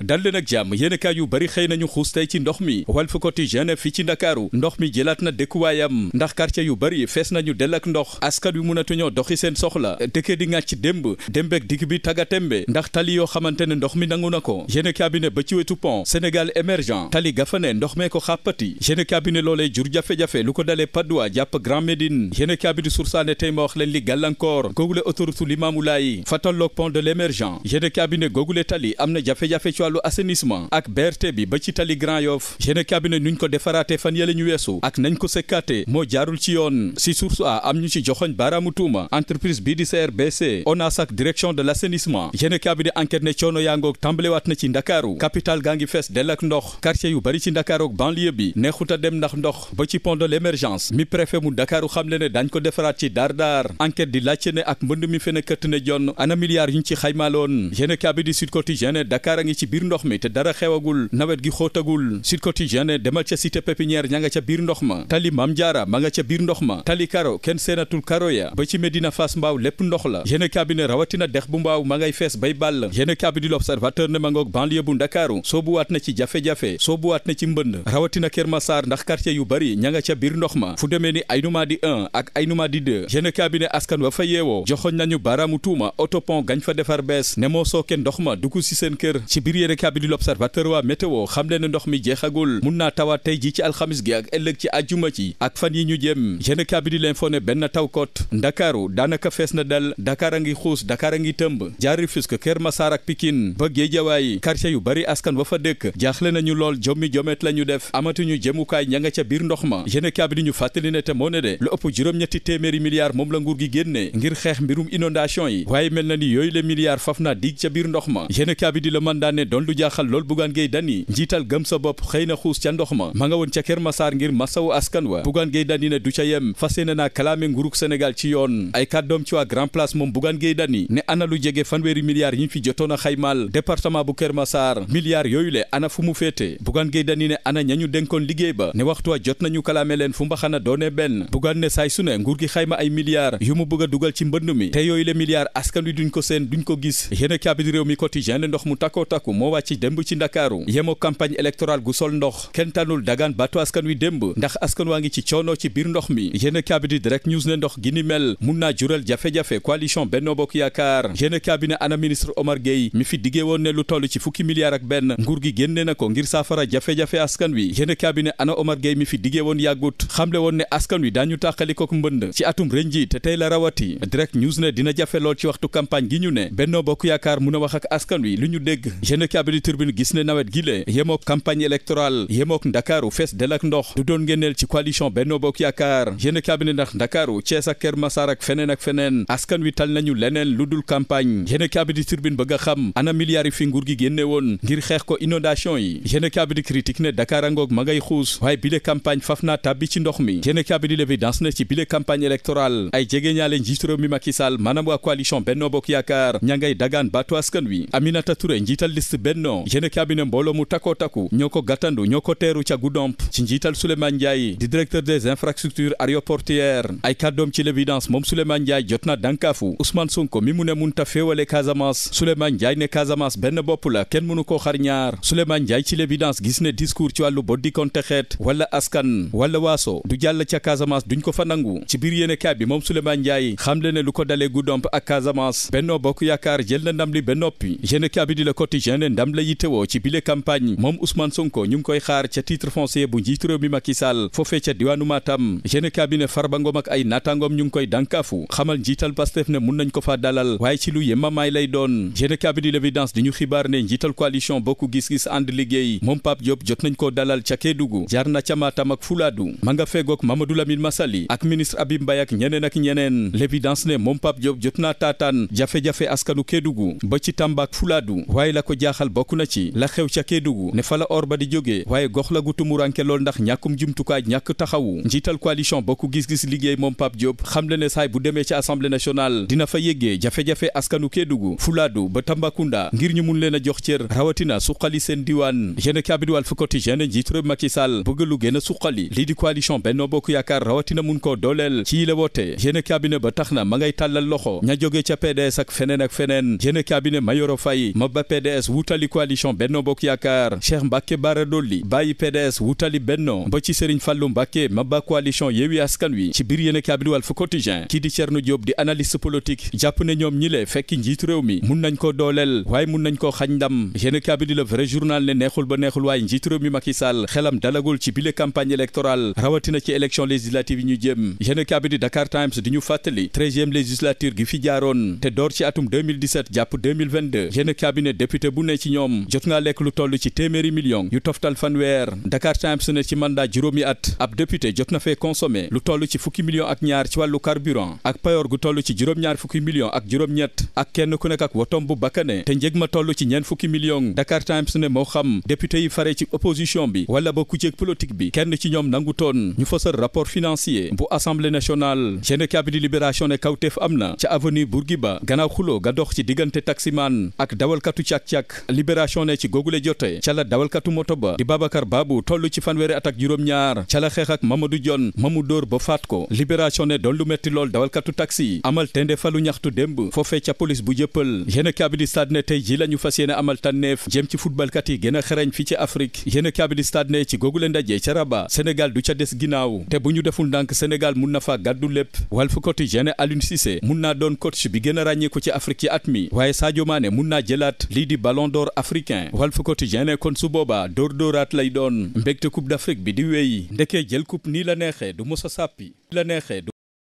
dal leen ak jàmm yéenekaay yu bari xëy nañu xuus tey ci ndox mi Walf Quotidien fi ci ndakaaru ndox mi jëlaat na dëkkuwaayam ndax quartier yu bari fees nañu del ak ndox askan wi mënatuñoo doxi seen soxla dëkkee di ngàcc démb démbeek digg bi tagatembe ndax tali yoo xamante ne ndox mi nangu na ko yéenekaay bi ne ba wetu pont Sénégal émergent tali gafa ne ndox mee ko xàppati yéenekaay bi ne loolee jur jafe-jafe lu ko dalee Padoua jàpp Grand Médine yéenekaay bi di sursaane tey ma wax li gàllankoor googule autoroute Limamoulaye fatalloog pont de l'émergent yéenekaay bi ne googule tali am na jafe wàllu assainissement ak BRT bi ba ci tali Grand Yoff yéene nuñ ko defaraate fan yële ñu weesu ak nañ ko sekkaate moo jaarul ci yoon si source a am ñu ci joxoñ baaraamu tuuma entreprise bii di CRBC ONAS ak direction de l' assainissement yéene cabinet enquête ne coono yaa ngoog tàmbalewaat na ci ndakaaru capital gaa ngi fees dell ak ndox quartier yu bari ci ndakaaru ak bi neexut a dem ndax ndox ba ci pont de l' émergence mi préfet mu ndakaaru xam le ne dañ ko defaraat biir ndox mi te dara xewagul nawet gi xóotagul Sud Quotidien ne demal ca cité pépinière ña nga ca biir ndox ma tali Mam Jaara ma nga ca biir ndox ma tali karo kenn seenatul karo ya ba ci Medina Fass mbaaw lépp ndox la yéene cabinet rawatina dex bu mbaaw ma ngay fees bay bàll yéene cabinet l'Observateur ne ma ngoog banlieue bu Ndakaaru soobuwaat na ci jafe-jafe soobuwaat na ci mbënd rawatina Kër Massar ndax quartier yu bari ña nga ca biir ndox ma fu demee ni Aïnoumady 1 ak Aïnoumady 2 yéene cabinet askan wa fa yeewoo joxoñ nañu baaraamu tuuma autopont gañ fa defar bees ne moo sooke yéenekaay bi di l'Observateur waa météo xam leen ne ndox mi jeexagul mun naa tawaat tey ji ci alxamis gi ak ëllëg ci ajuma ci ak fan yi ñu jëm yéenekaay bi di a ngi xuus a ngi tëmb jaari Rufisque Kër Masaar ak Pikine ba Géejawaay quartier yu bari askan wa fa dëkk jaaxle nañu lool jommi jomet la ñu def amatuñu jëmukaay ña nga ca biir ndox ma yéenekaay bi di ñu fàttali ne te moo ne de lu ëpp juróom moom la nguur gi génne ngir xeex mbirum inondation yi waaye mel na ni yooyu le milliards ma doon lu jaaxal lool Bougane Gueye Dany njiital gëm sa bopp xëy na xuus ca ndox ma ma nga woon ca Kër Massar ngir masawu askan wa Bougane Gueye Dany ne du ca yem fas yéene naa kalaame nguurug Sénégal ci yoon ay kàddoom ci waa Grand Place moom Bougane Gueye Dany ne ana lu jege fanweeri milliards yi ñu fi jotoon a xaymaal département bu Kër Massar milliards yooyu le ana fu mu féete Bougane Gueye Dany ne ana ñañu dénkoon liggéey ba ne waxtu wa jot nañu kalaame leen fu mbaxana doone benn Bougane ne saay su ne ay milliards yu mu bëgg dugal ci mbënd mi yooyu le milliards askan wi duñ ko seen duñ ko gis yéen a kaabi réew mi quotidien ne ndox mu takkoo takku moo wàcc démb ci ndakaaru yemoo campagne électorale gu sol ndox kenn tànnul dagaan baatu askan wi démb ndax askan waa ngi ci coono ci biir ndox mi yéen a kaabidi direct news ne ndox gi ni mel mun naa jural jafe-jafe coalition Benno Bokk Yaakaar yéen a kaabine ana ministre Omar Gueye mi fi diggee woon ne lu toll ci fukki milliards ak benn nguur gi génne na ko ngir saafara jafe-jafe askan wi yéen a kaabine ana Omar Gueye mi fi diggee woon yàggut xamle woon ne askan wi daañu tàqalikook mbënd ci atum ren ji te tey la rawati direct news ne dina jafe ci waxtu campagne gi ñu ne Benno Bokk Yaakaar mun a wax ak askan wi lu ñu dégg yéenekaay bi di Tribune gis ne nawet gi le yemook ndakaaru fees del ak ndox du doon ngénneel ci coalition Benno Bokk Yaakaar yéenekaay bi ndax ndakaaru Thiès ak Keur Massar ak feneen ak feneen askan wi tal nañu leneen lu dul campagne yéenekaay bi di Tribune xam ana milliards yi fi nguur gi génne woon ngir xeex ko inondation yi yéenekaay bi di critique ne Dakar angoog ma ngay xuus waaye bile campagne faf naa tàbbi ci ndox mi yéenekaay bi di ne ci bile campagne électorale ay jege liste Benno yéene kaabine mbooloo mu takkoo takku ñoo ko gàttandu ñoo ko teeru ca Goudomp ci njiital Souleymane Ndiaye di directeur des infrastructures aéroportuaires ay kàddoom ci l'évidence moom Souleymane Ndiaye jot na dànkaafu Ousmane Sonko mi mu ne munta féewale Casamance Souleymane Ndiaye ne Casamance benn bopp la kenn mënu koo xar ñaar Souleymane Ndiaye ci l'évidence gis ne discours ci wàllu boddi konte xeet wala askan wala waaso du jàll ca Casamance duñ ko fa nangu ci biir yéene kaay bi moom Souleymane Ndiaye xamle ne lu ko dalee Goudomp ak Casamance Benno Bokk Yaakaar jël na ndam li ba ne ndam la yittewoo ci bile campagne moom Ousmane Sonko ñu ngi koy xaar ca titre foncier bu njiitu réew mi Macky Sall foofee ca diwaanu Matam géne cabinet Farba Ngom ak ay naataangoom ñu ngi koy dànkaafu xamal njiital Pastef ne mun nañ ko faa dalal waaye ci lu yemamaay lay doon géne cabinet l'évidence di ñu xibaar ne njiital coalition bokk gis-gis ànd liggéey moom Pape Diop jot nañ koo dalal ca Kédougou jaar na ca Matam ak Fulaadu ma nga feegook Mamadou Lamine Massali ak ministre Abib Mbaye ak ñeneen ak ñeneen l'évidence ne moom Pape Diop jot naa taataan jafe-jafe askanu Kédougou ba ci Tamba ak la ko jaaxal bokk na ci la xew ca Kédougou ne fa la or ba di jógee waaye gox lagu gu tumuranke lool ndax ñàkkum jumtukaay ñàkk taxawu njiital coalition bokk gis-gis liggéey moom Pape Diop xam le ne saay bu demee ci assemblée nationale dina fa yéggee jafe-jafe askanu Kédougou Fulaadu ba Tambacounda ngir ñu mun leen a jox cër rawatina suqali seen diwaan yéen kaabit Walf Quotidien njiit réew Macky Sall bëgg lu gën a suqali lii di coalition Benno Bokk Yaakaar rawatina mun koo dooleel ci yile woote yéen ba tax na ma ngay tàllal loxo ña jóge ca PDS feneen ak feneen yéen kaabine Mayoro Faye ma ba PDS wut wutali coalition Benno Bokk Yaakaar Cheikh Mbacke Bara bàyyi PDS wutali Benno ba ci Serigne Fallou Mbacke mabba coalition Yewwi Askan Wi ci biir yéen a kaabidi Walf Quotidien kii di Thierno di analyste politique jàpp ne ñoom ñi le fekk njiitu mi mun nañ ko dooleel waaye mun nañ koo xañ ndam yéen a kaabidi Vrai Journal ne neexul ba neexul waaye njiitu mi Macky xelam dalagul ci bile campagne électorale rawatina ci élection législative a ne ci ñoom jot ngaa lekk lu toll ci téeméeri million yu toftal fanweer Dakar Times ne ci mandat juróomi at ab député jot na fee consommé lu toll ci fukki million ak ñaar ci wàllu carburant ak payoor gu toll ci juróom-ñaar fukki million ak juróom-ñett ak kenn ku nekk ak wotom bu bakkane te njëg ma toll ci ñeent fukki million Dakar Times ne moo xam député yi fare ci opposition bi wala ba ku jeeg politique bi kenn ci ñoom nangu toon ñu fësal rapport financier bu assemblée nationale génekabi di libération ne kawteef am na ca avenue Bourguiba gannaaw xuloo ga dox ci diggante taximaan ak dawalkatu càk-càk libération ne ci googule jote ca la dawalkatu moto ba di Babacar Babou toll ci fanweeri at ak juróom-ñaar ca la xeex ak Mamadou ma mu dóor ba faat ko libération ne doon lu metti lool dawalkatu taxi amal tende falu ñaxtu dem foofee ca police bu jëppal yéen a kaabidi ne tey ji la ñu fas yéene amal tànneef jëm ci footballkat yi gën a xereñ fi ci Afrique yéen a kaabidi stade ne ci googule ndaje ca Rabat Sénégal du ca des ginnaaw te bu ñu deful ndànk Sénégal mun na faa gàddu lépp Walf Quotidien Aliou naa doon coach bi gën ràññeeku ci Afrique ci at mi waaye Sadio Mané mun naa jëlaat lii di ballon door africain Walf Quotidien ne kon su boobaa dóor dooraat lay doon mbégte coupe d'Afrique bi di wéy ndekee jël coupe nii la neexee du mos a sàppi la neexee